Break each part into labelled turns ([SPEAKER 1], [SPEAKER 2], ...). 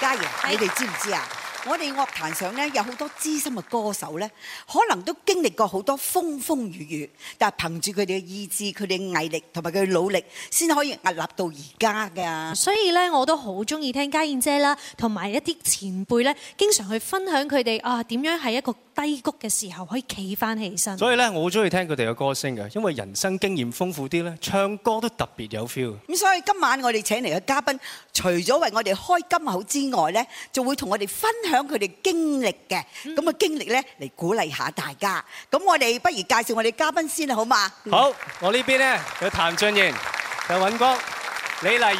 [SPEAKER 1] 嘉怡，你哋知唔知啊？我哋樂壇上咧有好多資深嘅歌手咧，可能都經歷過好多風風雨雨，但係憑住佢哋嘅意志、佢哋嘅毅力同埋佢嘅
[SPEAKER 2] 努力，先可以屹立到而家噶。所以咧，我都好中意聽嘉燕姐啦，同埋一啲前輩咧，經常去分享佢哋啊，點樣係一個。低谷嘅時候可以企翻起身。所
[SPEAKER 3] 以咧，我好中意聽佢哋嘅歌聲嘅，因為人生經驗豐富啲咧，唱歌都特別有 feel。
[SPEAKER 1] 咁所以今晚我哋請嚟嘅嘉賓，除咗為我哋開金口之外咧，就會同我哋分享佢哋經歷嘅咁嘅經歷咧，嚟鼓勵下大家。咁我哋不如介紹我哋嘉賓先啦，好嘛？
[SPEAKER 3] 好，我這邊呢邊咧有譚俊彥，有尹光，
[SPEAKER 2] 李麗儀、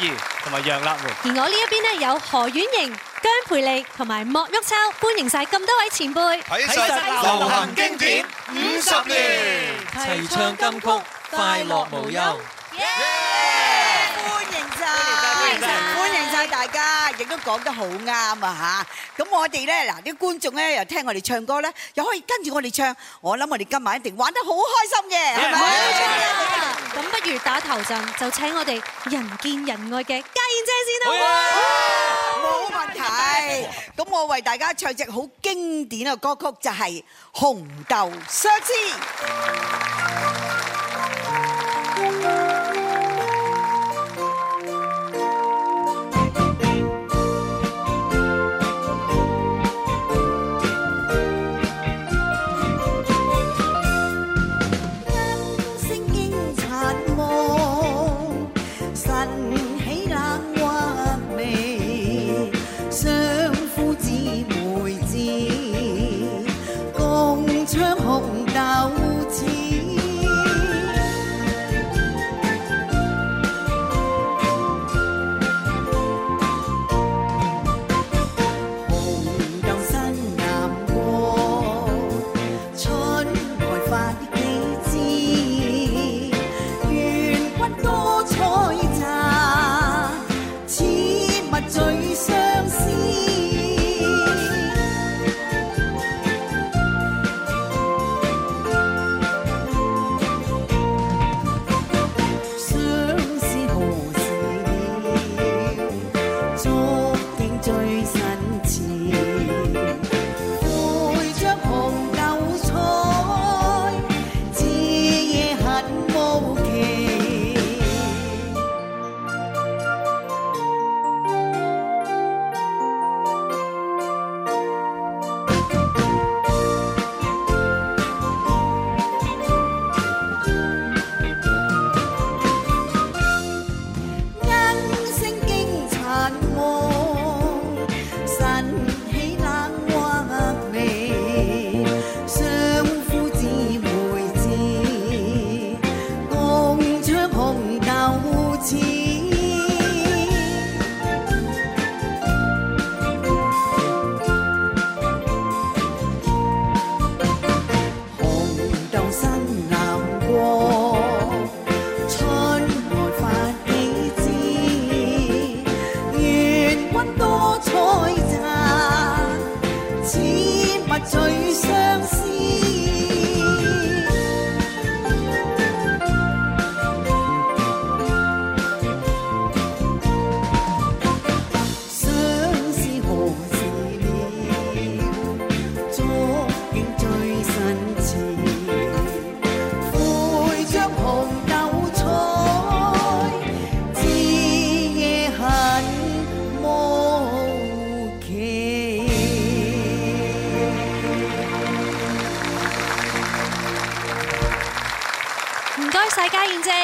[SPEAKER 2] 打頭陣就請我哋人見人愛嘅嘉燕姐先啦，啊，
[SPEAKER 1] 冇問題。咁我為大家唱隻好經典嘅歌曲，就係《紅豆相思》。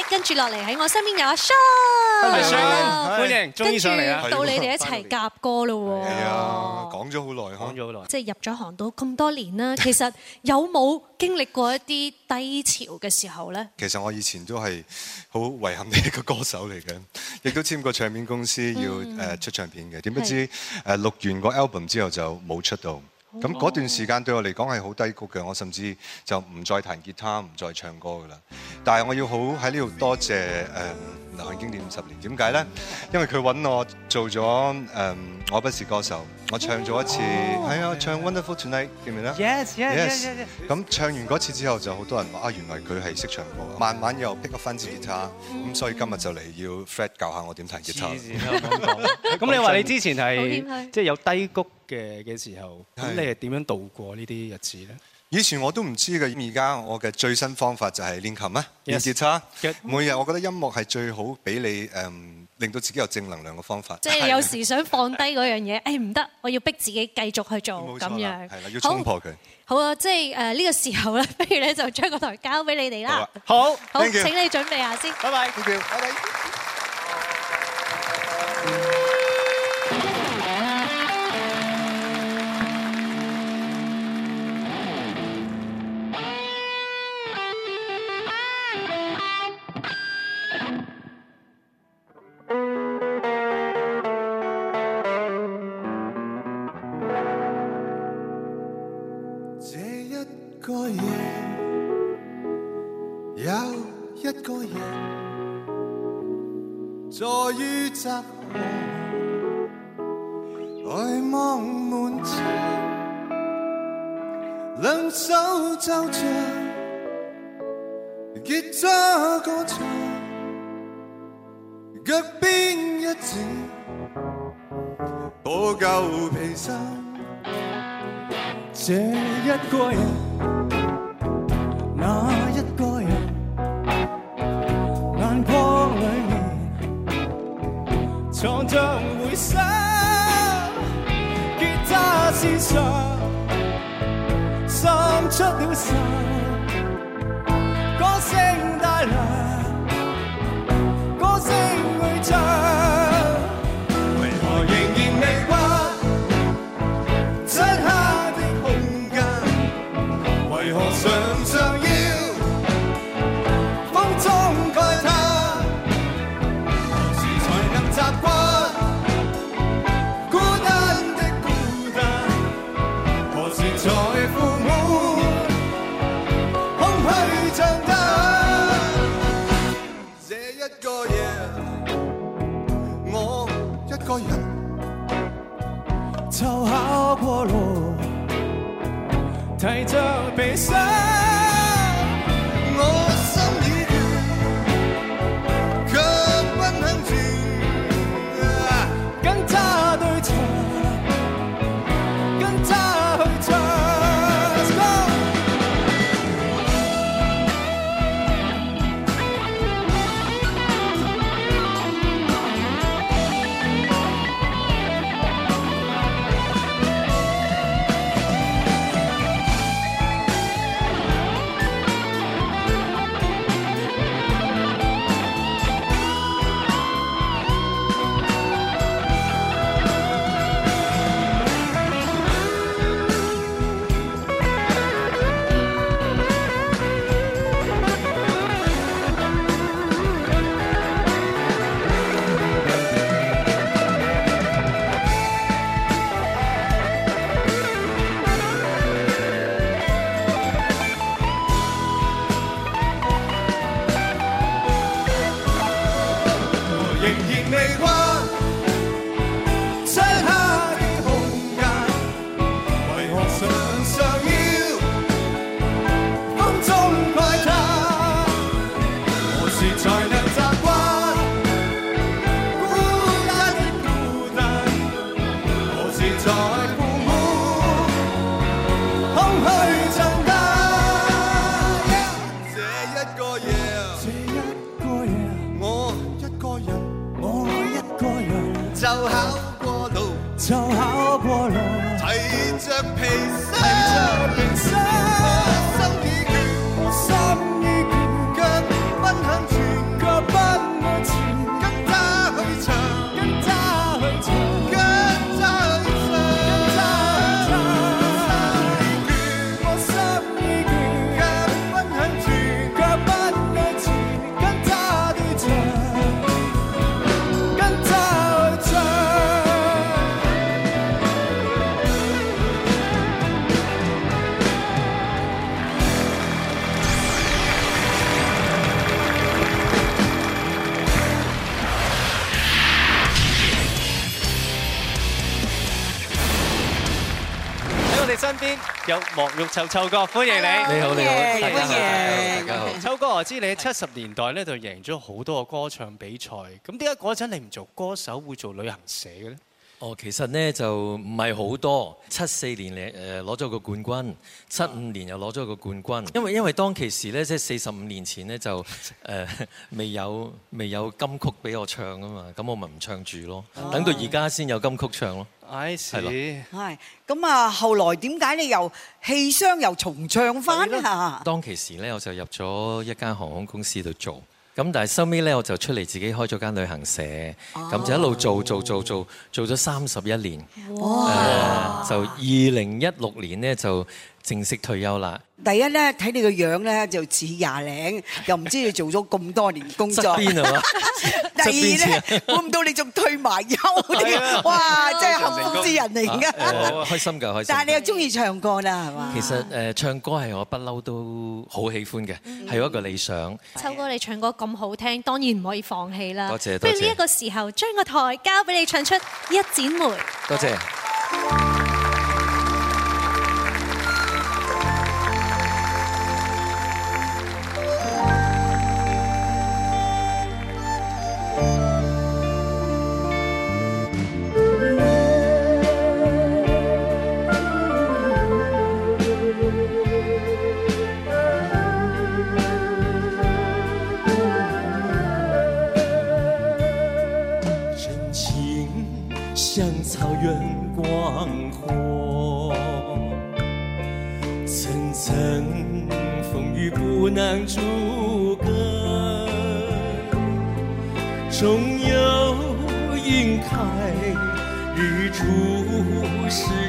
[SPEAKER 2] 跟住落嚟喺我身邊有阿 Shaun，歡迎，Hello. Hello. Hello. Hello. Hello. Hello. 歡迎，跟住到你哋一齊夾歌咯喎。係啊，
[SPEAKER 4] 講咗好耐，講咗好耐。即係
[SPEAKER 2] 入咗行到咁多年啦，其實有冇經歷過一啲低潮嘅時候咧？
[SPEAKER 4] 其實我以前都係好遺憾嘅一個歌手嚟嘅，亦都簽過唱片公司要出唱片嘅，點不知誒 錄完個 album 之後就冇出到。咁嗰段時間對我嚟講係好低谷嘅，我甚至就唔再彈吉他、唔再唱歌㗎啦。但係我要好喺呢度多謝誒流行經典五十年，點解咧？因為佢揾我做咗誒、呃《我不是歌手》，我唱咗一次，係、哦、啊，唱《Wonderful Tonight》記唔記咧？Yes, yes, y、yes, 咁、yes, yes, yes, 唱完嗰次之後，就好多人話啊，原來佢係識唱歌，慢慢又 pick 翻支吉他，咁、嗯、所以今日就嚟要 Fred 教下我點彈吉他。咁 你話你之前係即係
[SPEAKER 3] 有低谷？嘅嘅時候，咁你係
[SPEAKER 4] 點樣度過呢啲日子咧？以前我都唔知嘅，而家我嘅最新方法就係練琴啊，練吉他。每日我覺得音樂係最好俾你誒，令到自己有正能量嘅方法。即係有
[SPEAKER 2] 時想放低嗰樣嘢，誒唔得，我要逼自己繼續去做咁樣。係啦，要衝破佢。好啊，即係誒呢個時候咧，不如咧就將個台交俾你哋啦。
[SPEAKER 4] 好，好，請
[SPEAKER 2] 你準備下先。拜拜拜。
[SPEAKER 3] 邊有莫旭秋、秋哥，歡迎你！你好，你好，好大家好,好,大家好,好,好,好。秋哥，我知你喺七十年代咧就贏咗好多嘅歌唱比賽，
[SPEAKER 5] 咁點解嗰陣你唔做歌手，會做旅行社嘅咧？哦，其實咧就唔係好多，七四年你誒攞咗個冠軍，七五年又攞咗個冠軍。因為因為當其時咧即係四十五年前咧就誒未有未有金曲俾我唱啊嘛，咁我咪唔唱住咯，等到而家先有金曲唱咯。係咯，
[SPEAKER 1] 係咁啊！後來點解你又棄商又重唱翻咧？
[SPEAKER 5] 當其時呢，我就入咗一間航空公司度做，咁但係收尾呢，我就出嚟自己開咗間旅行社，咁、哦、就一路做做做做做咗三十一年，就二零一六年呢，就。正式退休啦！
[SPEAKER 1] 第一咧，睇你個樣咧就似廿零，又唔知你做咗咁多年工作。側邊係嘛？第二咧，估唔到你仲退埋休添，哇！真係幸福之人嚟
[SPEAKER 5] 噶。開心㗎，開心！但係你
[SPEAKER 2] 又中意唱歌啦，係嘛？其
[SPEAKER 5] 實誒，唱歌係我不嬲都好喜歡嘅，係我一個理想。
[SPEAKER 2] 秋哥，你唱歌咁好聽，當然唔可以放棄啦。多謝。不如呢一個時候，將個台交俾你唱出一剪梅。
[SPEAKER 5] 多謝。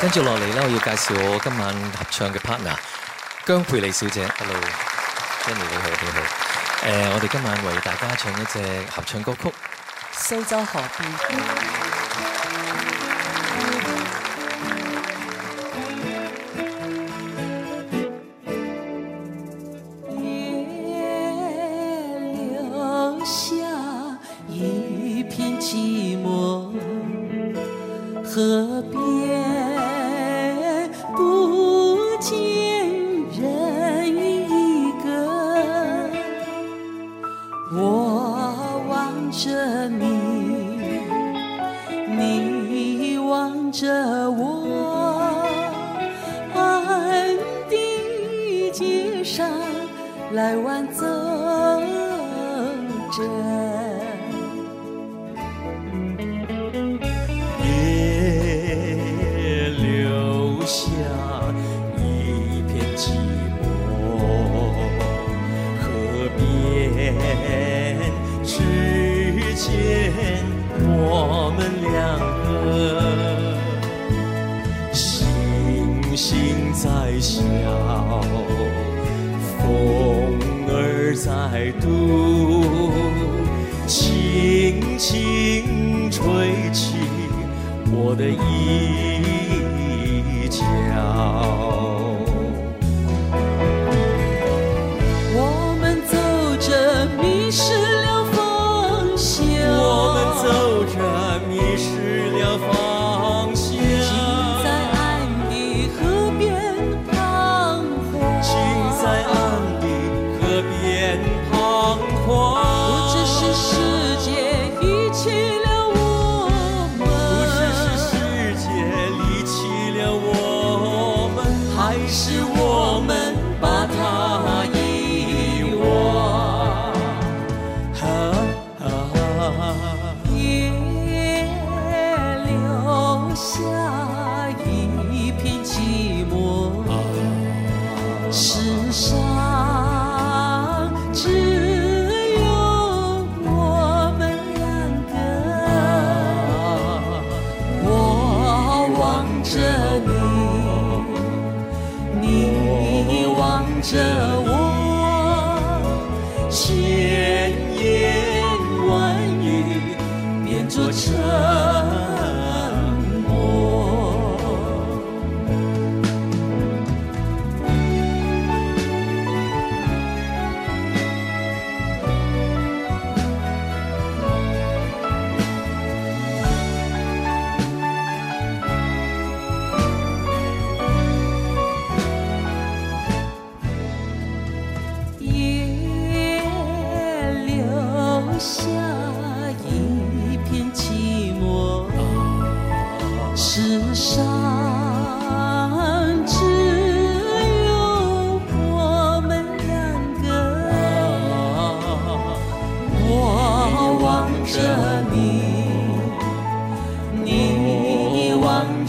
[SPEAKER 5] 跟住落嚟咧，我要介紹我今晚合唱嘅 partner 姜蓓莉小姐。Hello，Jenny，你好，你好。誒，我哋今晚為大家唱一隻合唱歌曲
[SPEAKER 6] 《蘇州河邊》。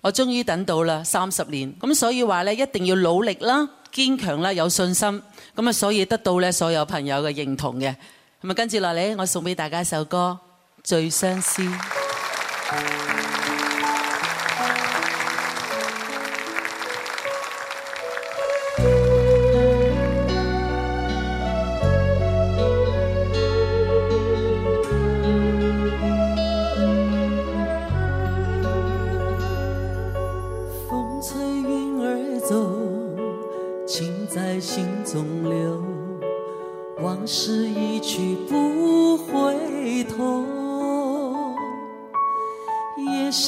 [SPEAKER 6] 我終於等到啦，三十年，所以話呢一定要努力啦、堅強啦、有信心，所以得到所有朋友嘅認同嘅。咁啊跟住落嚟，我送給大家一首歌《醉相思》。嗯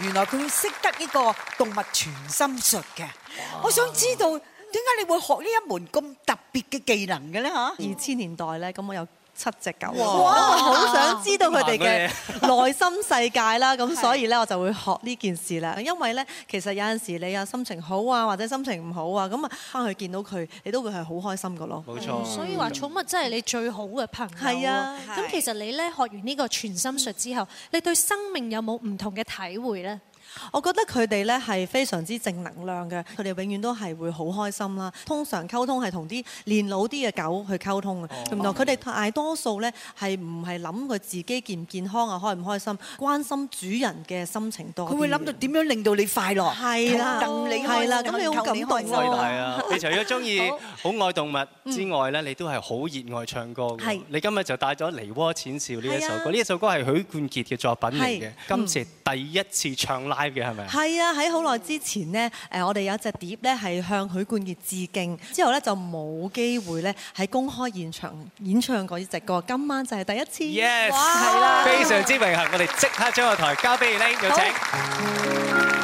[SPEAKER 1] 原來佢識得呢個動物傳心術嘅，我想知道點解你會學呢一門
[SPEAKER 7] 咁特別嘅技能嘅呢？二千年代呢，咁我有。七隻狗喎、哦，好想知道佢哋嘅內心世界啦，咁所以咧我就會學呢件事啦。因為咧其實有陣時你啊心情好啊，或者心情唔好啊，咁啊返去見到佢，你都會係好開心嘅咯。冇錯，所以話
[SPEAKER 2] 寵物真係你最好嘅朋友。係啊，咁其實你咧學完呢個全心術之後，你對生命有冇唔同嘅體會咧？我覺得
[SPEAKER 7] 佢哋咧係非常之正能量嘅，佢哋永遠都係會好開心啦。通常溝通係同啲年老啲嘅狗去溝通嘅，咁、哦、耐。佢哋大多數咧係唔係諗佢自己健唔健康啊，開唔開心，關心主人嘅心情多。佢會諗到點樣令到你快樂，係啦，更你開心，更求你開心。係啊！你，你，
[SPEAKER 3] 你 除咗鍾意好愛動物之外咧， 你都係好熱愛唱歌。係，你今日就帶咗《梨渦淺笑》呢一首歌。呢、啊、一首歌係許冠傑嘅作品嚟嘅，今次第一次唱係
[SPEAKER 7] 啊，喺好耐之前呢，誒，我哋有隻碟咧，係向許冠傑致敬，之後咧就冇機會咧喺公開現場演唱呢隻歌，今晚就係第一次。Yes，係啦，非常
[SPEAKER 3] 之榮幸，我哋即刻將個台交俾你，i n g 有請。嗯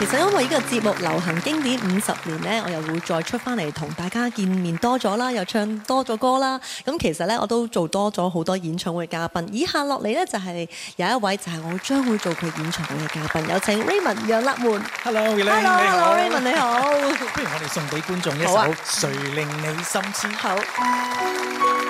[SPEAKER 7] 其實因為呢個節目流行經典五十年呢，我又會再出翻嚟同大家見面多咗啦，又唱多咗歌啦。咁其實呢，我都做多咗好多演唱會嘅嘉賓。以下落嚟呢，就係有一位就係我將會做佢演唱會嘅嘉賓，有請 Raymond 楊立門。Hello，Raymond。Hello，Raymond 你好。不如
[SPEAKER 5] 我哋送俾觀眾一
[SPEAKER 7] 首《
[SPEAKER 8] 誰令你心痴》。好。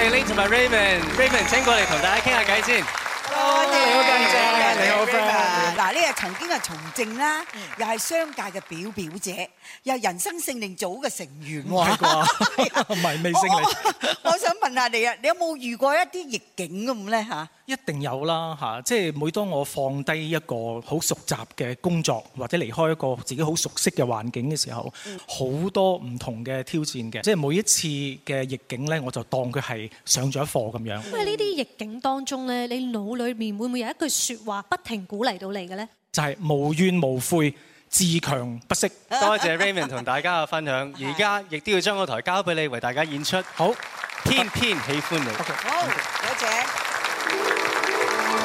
[SPEAKER 3] 係，Linton 同 Raymond，Raymond 請過嚟同大家傾下
[SPEAKER 9] 偈先。多謝。你好，Raymond，你好 friend。
[SPEAKER 1] 嗱，呢係曾經係從政啦，又係商界嘅表表姐，又係人生勝利組嘅成
[SPEAKER 9] 員喎。唔係未勝
[SPEAKER 3] 利。
[SPEAKER 1] 我想問下你啊，你有冇遇過一啲逆境咁咧吓？
[SPEAKER 3] 一定有啦嚇，即係每當我放低一個好熟習嘅工作，或者離開一個自己好熟悉嘅環境嘅時候，好多唔同嘅挑戰嘅。即係每一次嘅逆境咧，我就當佢係上咗課咁樣。喺
[SPEAKER 2] 呢啲逆境當中咧，你腦裏面會唔會有一句説話不停鼓勵到你嘅咧？
[SPEAKER 3] 就係無怨無悔，自強不息。多謝 Raymond 同大家嘅分享。而家亦都要將個台交俾你為大家演出。好，偏偏喜歡
[SPEAKER 9] 你。好，多謝。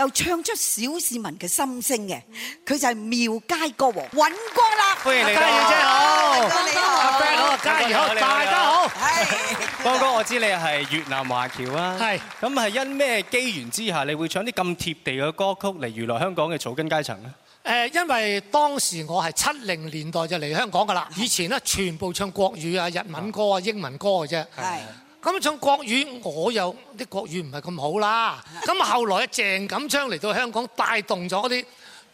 [SPEAKER 1] 又唱出小市民嘅心聲嘅，佢就係廟街歌王，尹光啦！歡迎你，嘉儀姐好，歡迎你，阿 Ben 哥，嘉儀好，大家好。
[SPEAKER 8] 光哥，我知
[SPEAKER 3] 你係越南華僑啊，係。咁係因咩機緣之下，你會唱啲咁貼地嘅歌曲嚟娛樂香港嘅草根階層
[SPEAKER 8] 咧？誒，因為當時我係七零年代就嚟香港噶啦，以前咧全部唱國語啊、日文歌啊、英文歌嘅啫。係。咁唱國語我又啲國語唔係咁好啦，咁 後來啊鄭錦昌嚟到香港，帶動咗啲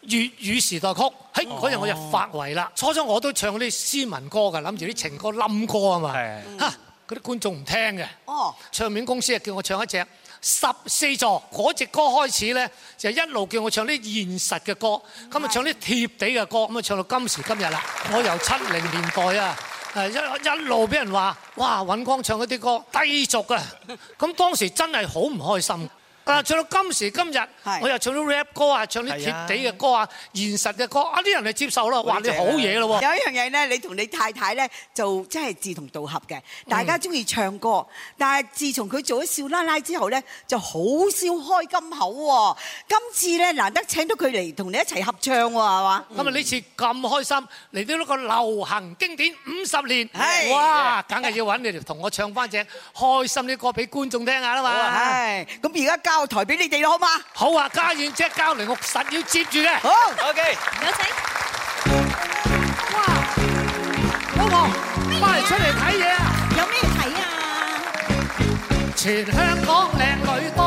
[SPEAKER 8] 粵語時代曲。喺嗰陣我就發圍啦，哦、初初我都唱嗰啲斯文歌㗎，諗住啲情歌冧歌、嗯、啊嘛，嚇嗰啲觀眾唔聽嘅。哦、唱片公司啊叫我唱一隻十四座嗰隻歌開始呢，就一路叫我唱啲現實嘅歌，咁、嗯、就唱啲貼地嘅歌，咁啊唱到今時今日啦，嗯、我由七零年代呀。一路俾人話，哇！尹光唱嗰啲歌低俗啊！咁當時真係好唔開心。啊！唱到今時今日，我又唱到 rap 歌啊，唱啲貼地嘅歌啊，現實嘅歌啊，啲人嚟接受咯，話你好嘢咯喎。有一樣嘢咧，你
[SPEAKER 1] 同你太太咧就真係志同道合嘅，大家中意唱歌。但係自從佢做咗少奶奶之後咧，就好少開金口喎。今次咧難得
[SPEAKER 8] 請到佢嚟同你一齊合唱喎，係嘛？今日呢次咁開心嚟到呢個流行經典五十年，哇！梗係要揾你嚟同我唱翻隻開心啲歌俾觀眾聽下啦嘛。咁而家交。交台俾你哋啦，好嘛？好啊，家燕姐交嚟，我實要接住嘅。好，OK。有請。哇，老婆，返嚟出嚟睇嘢啊！有咩睇啊？全香港靚女多。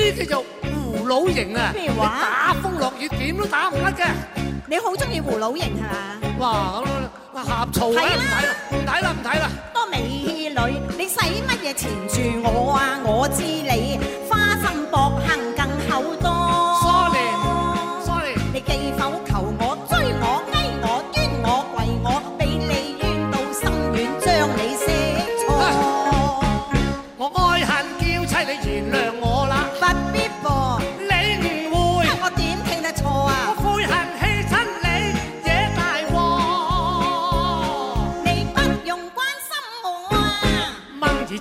[SPEAKER 8] 呢啲叫做葫蘆形啊！咩話？打風落雨點都打唔甩嘅。你好中意葫蘆形係嘛？哇！咁呷醋草唔睇啦，唔睇啦，唔睇啦，啦！多美女，你
[SPEAKER 1] 使乜嘢纏住我啊？我知你花心薄幸。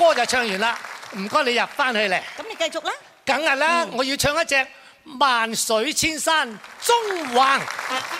[SPEAKER 8] 歌就唱完啦，唔該你入返去咧。咁你繼續啦，梗係啦，我要唱一隻萬水千山縱橫。啊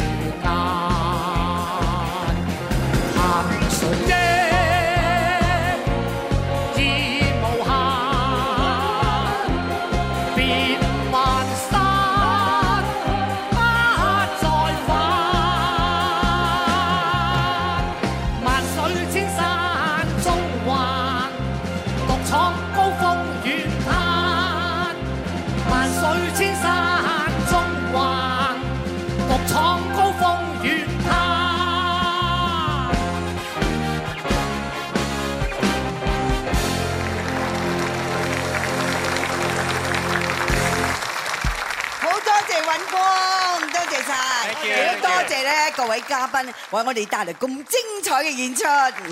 [SPEAKER 2] 各位嘉賓為我哋帶嚟咁精彩嘅演出，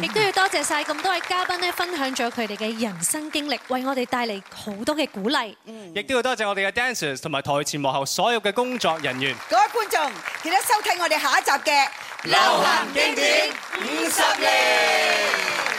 [SPEAKER 2] 亦都要多謝晒咁多位嘉賓咧，分享咗佢哋嘅人生經歷，為我哋帶嚟好多嘅鼓勵。
[SPEAKER 3] 嗯，亦都要多謝我哋嘅 dancers 同埋台前幕後所有嘅工作人員。
[SPEAKER 2] 各位觀眾，記得收睇我哋下一集嘅流行經典
[SPEAKER 3] 五
[SPEAKER 9] 十年。